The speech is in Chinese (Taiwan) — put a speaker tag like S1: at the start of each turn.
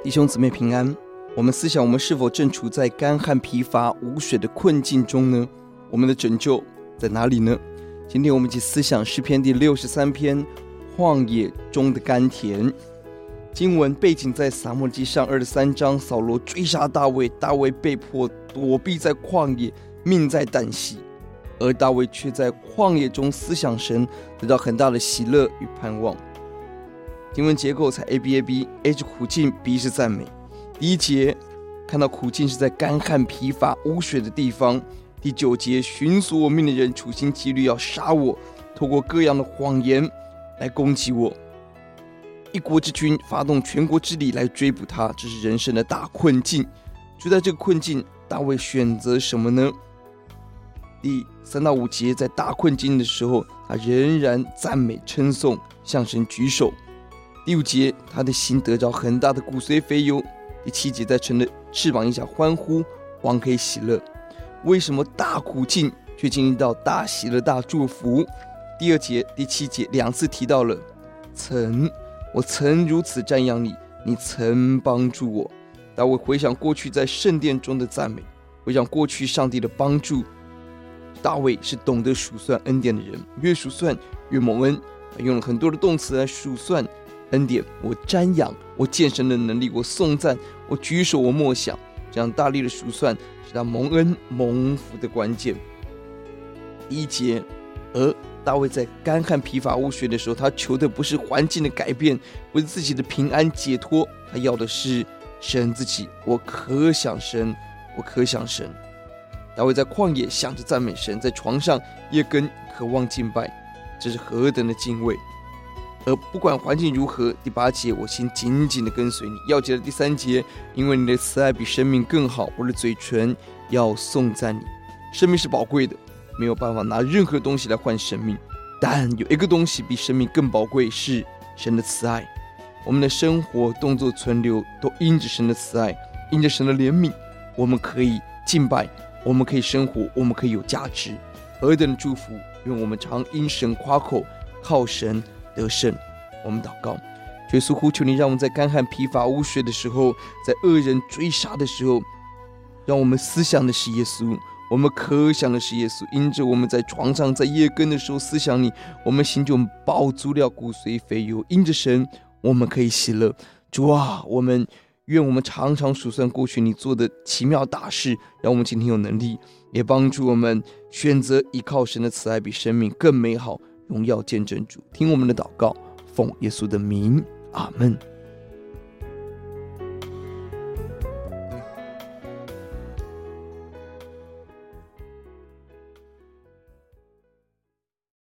S1: 弟兄姊妹平安，我們思想：我們是否正處在乾旱疲乏、無水的困境中呢？我們的拯救在哪裡呢？今天我們一起思想詩篇第六十三篇《曠野中的甘甜》。經文背景在撒母耳記上二十三章，掃羅追殺大衛，大衛被迫躲避在曠野，命在旦夕；而大衛卻在曠野中思想神，得到很大的喜樂與盼望。經文結構才 ABAB，A 是苦境，B 是讚美。第一節看到苦境是在乾旱、疲乏、無水的地方。第九節尋索我命的人，處心積慮要殺我，透過各樣的謊言來攻擊我。一國之君發動全國之力來追捕他，這是人生的大困境。就在這個困境，大衛選擇什麼呢？第三到五節在大困境的時候，他仍然讚美稱頌，向神舉手。第五節，他的心得着很大的骨髓肥油。第七節，在神的翅膀蔭下歡呼，王可以喜樂。為什麼大苦境卻經歷到大喜樂、大祝福？第二節、第七節兩次提到了“曾”，我曾如此瞻仰你，你曾幫助我。大衛回想過去在聖殿中的讚美，回想過去上帝的幫助。大衛是懂得數算恩典的人，越數算越蒙恩。他用了很多的動詞來數算恩典，我瞻仰；我見神的能力，我頌讚；我舉手，我默想。這樣大力的數算，是他蒙恩蒙福的關鍵。一節，而大衛在乾旱疲乏無水的時候，他求的不是環境的改變，為自己的平安解脫，他要的是神自己。我渴想神，我渴想神。大衛在曠野想著讚美神，在床上夜更渴望敬拜。這是何等的敬畏！而不管環境如何，第八節，我心緊緊地跟隨你。鑰節的第三節，因為你的慈愛比生命更好，我的嘴唇要頌讚你。生命是寶貴的，沒有辦法拿任何東西來換生命，但有一個東西比生命更寶貴，是神的慈愛。我們的生活、動作、存留都因着神的慈愛，因着神的憐憫，我們可以敬拜，我們可以生活，我們可以有價值。何等的祝福！願我們常因神誇口，靠神，得勝，我們禱告，耶穌呼求你，讓我們在乾旱疲乏、無水的時候，在惡人追殺的時候，讓我們思想的是耶穌，我們渴想的是耶穌。因着我們在床上、在夜更的時候思想你，我們心中飽足了骨髓肥油。因着神，我們可以喜樂。主啊，我們願我們常常數算過去你做的奇妙大事，讓我們今天有能力，也幫助我們選擇依靠神的慈愛，比生命更美好。榮耀見證主，聽我們的禱告，奉耶穌的名，阿門。